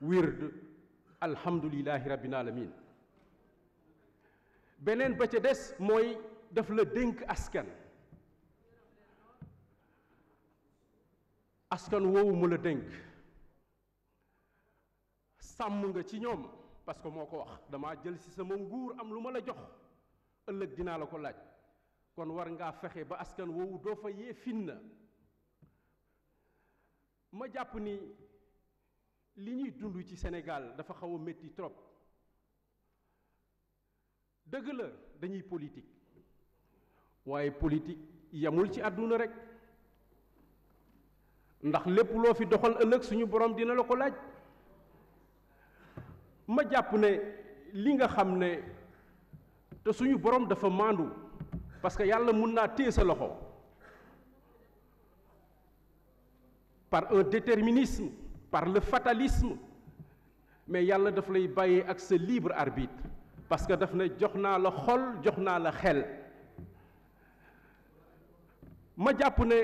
wird alhamdulilahi rabbil alamin beneen ba ca des mooy daf la dénk askan askan woowu mu la dénk sàmm nga ci ñoom parce que moo ko wax dama jël ci sama nguur am lu ma la jox ëllëg dinaa la ko laaj kon war ngaa fexe ba askan woowu doo fa yee finna ma jàpp ni li ñuy dund ci Sénégal dafa xaw a trop dëgg la dañuy politique waaye politique yamul ci àdduna rek ndax lépp loo fi doxal ëllëg suñu borom dina la ko laaj ma jàpp ne li nga xam ne suñu borom dafa parce que yàlla mun naa sa loxo par un déterminisme par le fatalisme mais yalla daf lay baye ak ce libre arbitre parce que daf na le la xol joxna la xel ma japp ne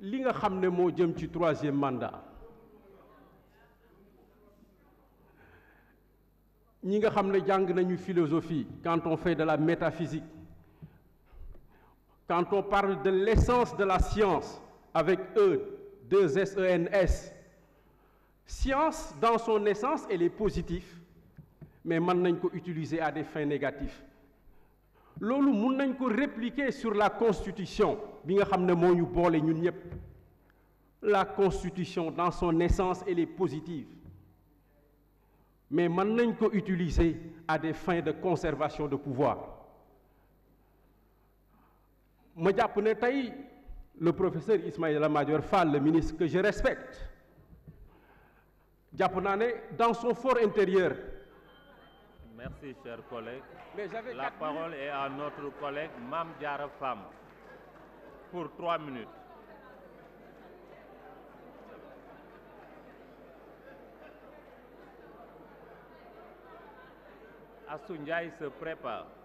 li nga xamne mo jëm ci troisième mandat ñi nga xamne jang philosophie quand on fait de la métaphysique quand on parle de l'essence de la science avec E deux S E N S science dans son essence elle est positive mais maintenant est ko utiliser à des fins négatives Lolo qui répliquait sur la constitution la constitution dans son essence elle est positive mais elle est utilisée à des fins de conservation de pouvoir Je suis le professeur Ismaël Major Fall le ministre que je respecte Diaponane, dans son fort intérieur. Merci, cher collègue. La parole est à notre collègue Mam Diara Fam pour trois minutes. il se prépare.